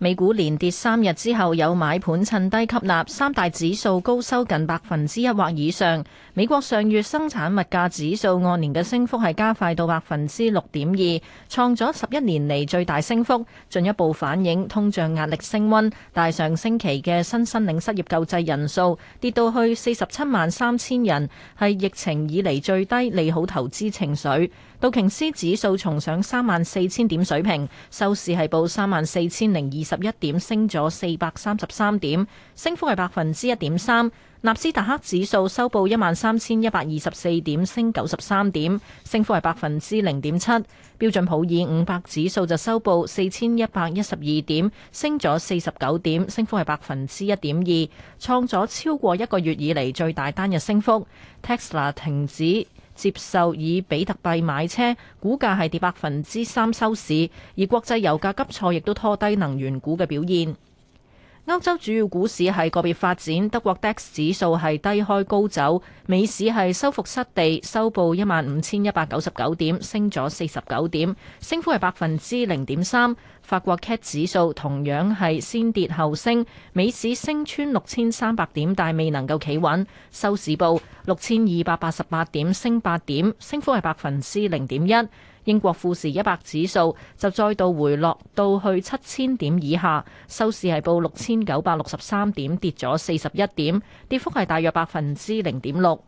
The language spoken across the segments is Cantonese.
美股連跌三日之後有買盤趁低吸納，三大指數高收近百分之一或以上。美國上月生產物價指數按年嘅升幅係加快到百分之六點二，創咗十一年嚟最大升幅，進一步反映通脹壓力升溫。大上星期嘅新申領失業救濟人數跌到去四十七萬三千人，係疫情以嚟最低，利好投資情緒。道瓊斯指數重上三萬四千點水平，收市係報三萬四千零二。十一點升咗四百三十三點，升幅係百分之一點三。納斯達克指數收報一萬三千一百二十四點，升九十三點，升幅係百分之零點七。標準普爾五百指數就收報四千一百一十二點，升咗四十九點，升幅係百分之一點二，創咗超過一個月以嚟最大單日升幅。Tesla 停止。接受以比特幣買車，股價係跌百分之三收市，而國際油價急挫，亦都拖低能源股嘅表現。歐洲主要股市係個別發展，德國 DAX 指數係低開高走，美市係收復失地，收報一萬五千一百九十九點，升咗四十九點，升幅係百分之零點三。法國 CAC 指數同樣係先跌後升，美市升穿六千三百點，但係未能夠企穩，收市報六千二百八十八點，升八點，升幅係百分之零點一。英國富時一百指數就再度回落到去七千點以下，收市係報六千九百六十三點，跌咗四十一點，跌幅係大約百分之零點六。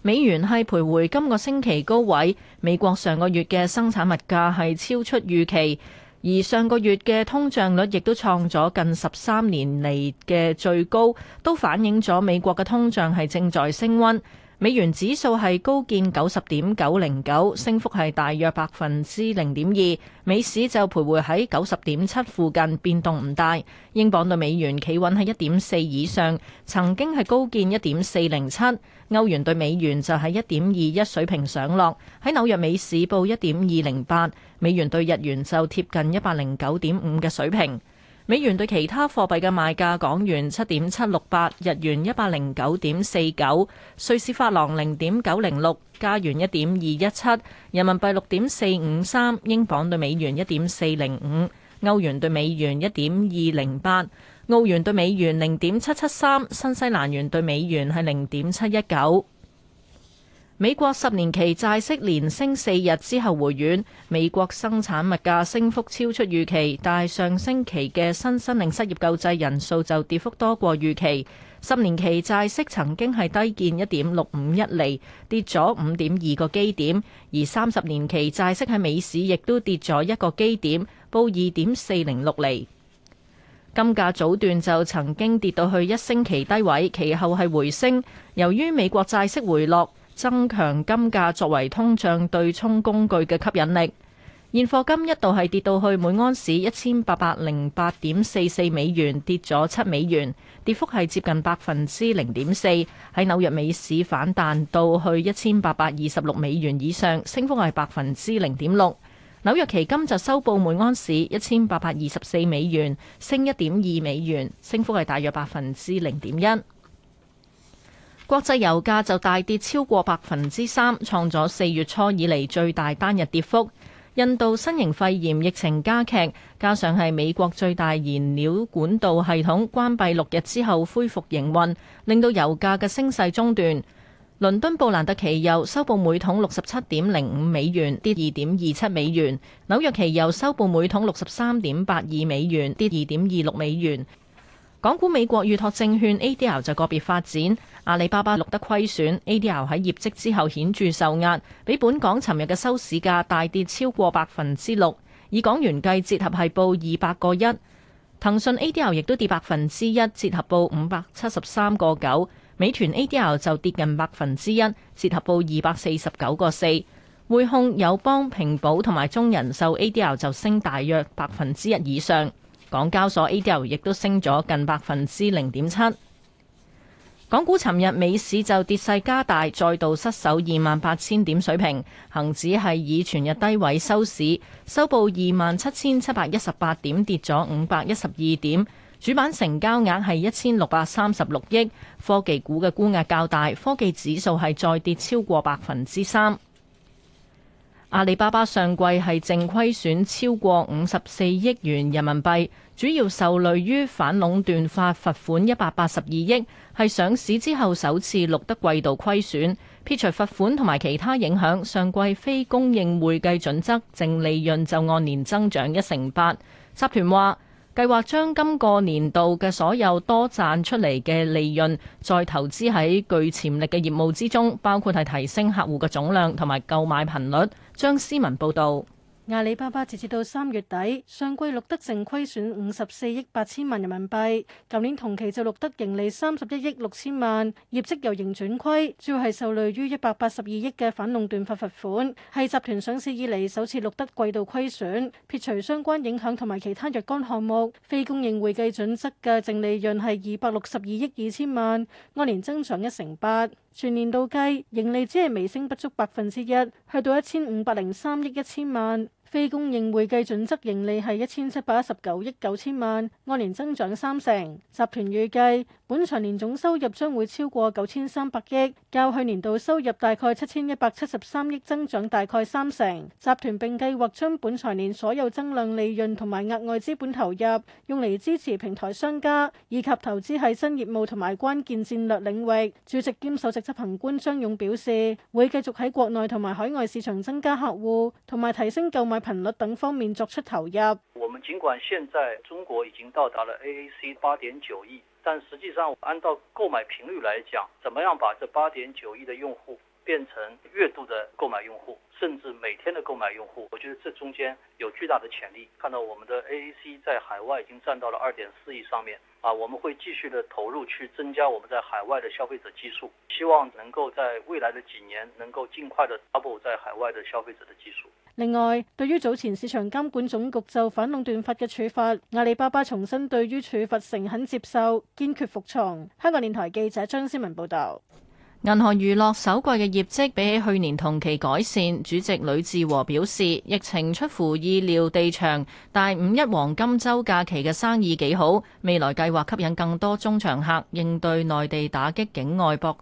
美元係徘徊今個星期高位，美國上個月嘅生產物價係超出預期，而上個月嘅通脹率亦都創咗近十三年嚟嘅最高，都反映咗美國嘅通脹係正在升温。美元指數係高見九十點九零九，升幅係大約百分之零點二。美市就徘徊喺九十點七附近，變動唔大。英鎊對美元企穩喺一點四以上，曾經係高見一點四零七。歐元對美元就喺一點二一水平上落，喺紐約美市報一點二零八。美元對日元就貼近一百零九點五嘅水平。美元對其他貨幣嘅賣價：港元七點七六八，日元一百零九點四九，瑞士法郎零點九零六，加元一點二一七，人民幣六點四五三，英鎊對美元一點四零五，歐元對美元一點二零八，澳元對美元零點七七三，新西蘭元對美元係零點七一九。美國十年期債息連升四日之後回軟。美國生產物價升幅超出預期，但係上星期嘅新申領失業救濟人數就跌幅多過預期。十年期債息曾經係低見一點六五一厘，跌咗五點二個基點，而三十年期債息喺美市亦都跌咗一個基點，報二點四零六厘。金價早段就曾經跌到去一星期低位，其後係回升，由於美國債息回落。增強金價作為通脹對沖工具嘅吸引力。現貨金一度係跌到去每安士一千八百零八點四四美元，跌咗七美元，跌幅係接近百分之零點四。喺紐約美市反彈到去一千八百二十六美元以上，升幅係百分之零點六。紐約期金就收報每安士一千八百二十四美元，升一點二美元，升幅係大約百分之零點一。國際油價就大跌超過百分之三，創咗四月初以嚟最大單日跌幅。印度新型肺炎疫情加劇，加上係美國最大燃料管道系統關閉六日之後恢復營運，令到油價嘅升勢中斷。倫敦布蘭特期油收報每桶六十七點零五美元，跌二點二七美元。紐約期油收報每桶六十三點八二美元，跌二點二六美元。港股美國預託證券 ADR 就個別發展，阿里巴巴錄得虧損，ADR 喺業績之後顯著受壓，比本港尋日嘅收市價大跌超過百分之六，以港元計折合係報二百個一。騰訊 ADR 亦都跌百分之一，折合報五百七十三個九。美團 ADR 就跌近百分之一，折合報二百四十九個四。匯控、友邦、平保同埋中人壽 ADR 就升大約百分之一以上。港交所 A. D. 亦都升咗近百分之零點七。港股尋日美市就跌勢加大，再度失守二萬八千點水平。恒指係以全日低位收市，收報二萬七千七百一十八點，跌咗五百一十二點。主板成交額係一千六百三十六億，科技股嘅沽額較大，科技指數係再跌超過百分之三。阿里巴巴上季係淨虧損超過五十四億元人民幣，主要受累於反壟斷法罰款一百八十二億，係上市之後首次錄得季度虧損，撇除罰款同埋其他影響，上季非公認會計準則淨利潤就按年增長一成八。集團話。計劃將今個年度嘅所有多賺出嚟嘅利潤，再投資喺具潛力嘅業務之中，包括係提升客戶嘅總量同埋購買頻率。張思文報道。阿里巴巴截至到三月底，上季錄得淨虧損五十四億八千萬人民幣，舊年同期就錄得盈利三十一億六千萬，業績由盈轉虧，主要係受累於一百八十二億嘅反壟斷罰罰款，係集團上市以嚟，首次錄得季度虧損。撇除相關影響同埋其他若干項目，非公認會計準則嘅淨利潤係二百六十二億二千萬，按年增長一成八。全年度計，盈利只係微升不足百分之一，去到一千五百零三億一千萬。非公認會計準則盈利係一千七百一十九億九千萬，按年增長三成。集團預計，本財年總收入將會超過九千三百億，較去年度收入大概七千一百七十三億增長大概三成。集團並計劃將本財年所有增量利潤同埋額外資本投入用嚟支持平台商家，以及投資喺新業務同埋關鍵戰略領域。主席兼首席執行官張勇表示，會繼續喺國內同埋海外市場增加客戶，同埋提升購買。頻率等方面作出投入。我們盡管現在中國已經到達了 AAC 八點九億，但實際上按照購買頻率來講，怎麼樣把這八點九億的用戶？變成月度的購買用戶，甚至每天的購買用戶，我覺得這中間有巨大的潛力。看到我們的 AAC 在海外已經占到了二點四億上面，啊，我們會繼續的投入去增加我們在海外的消費者基數，希望能夠在未來的幾年能夠盡快的 double 在海外的消費者的基數。另外，對於早前市場監管總局就反壟斷法嘅處罰，阿里巴巴重申對於處罰誠懇接受，堅決服從。香港電台記者張思文報道。銀河娛樂首季嘅業績比起去年同期改善，主席呂志和表示，疫情出乎意料地長，但五一黃金周假期嘅生意幾好。未來計劃吸引更多中場客，應對內地打擊境外博，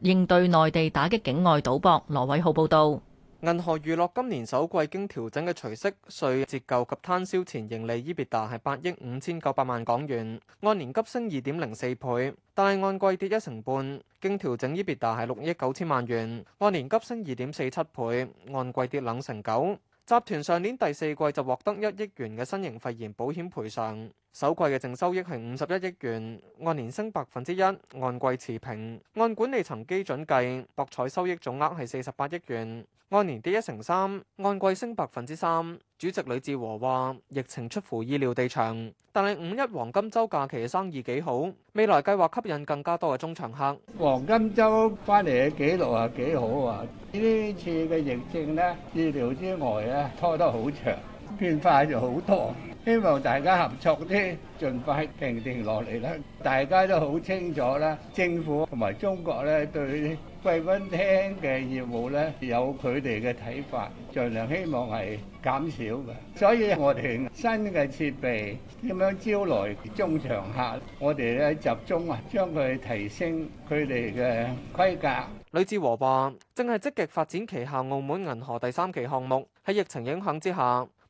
應對內地打擊境外賭博。羅偉浩報道。銀河娛樂今年首季經調整嘅除息稅折舊及攤銷前盈利 EBITDA 係八億五千九百萬港元，按年急升二點零四倍，但係按季跌一成半。經調整 EBITDA 係六億九千萬元，按年急升二點四七倍，按季跌兩成九。集團上年第四季就獲得一億元嘅新型肺炎保險賠償。首季嘅淨收益係五十一億元，按年升百分之一，按季持平。按管理層基準計，博彩收益總額係四十八億元，按年跌一成三，按季升百分之三。主席呂志和話：疫情出乎意料地長，但係五一黃金週假期嘅生意幾好，未來計劃吸引更加多嘅中場客。黃金週翻嚟嘅紀錄啊，幾好啊！呢次嘅疫症呢，意料之外啊，拖得好長，變化就好多。希望大家合作啲，盡快定定落嚟啦！大家都好清楚啦，政府同埋中國咧對貴賓廳嘅業務咧有佢哋嘅睇法，儘量希望係減少嘅。所以我哋新嘅設備點樣招來中場客？我哋咧集中啊，將佢提升佢哋嘅規格。呂志和話：正係積極發展旗下澳門銀河第三期項目，喺疫情影響之下。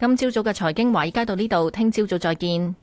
今朝早嘅財經華爾街到呢度，聽朝早再見。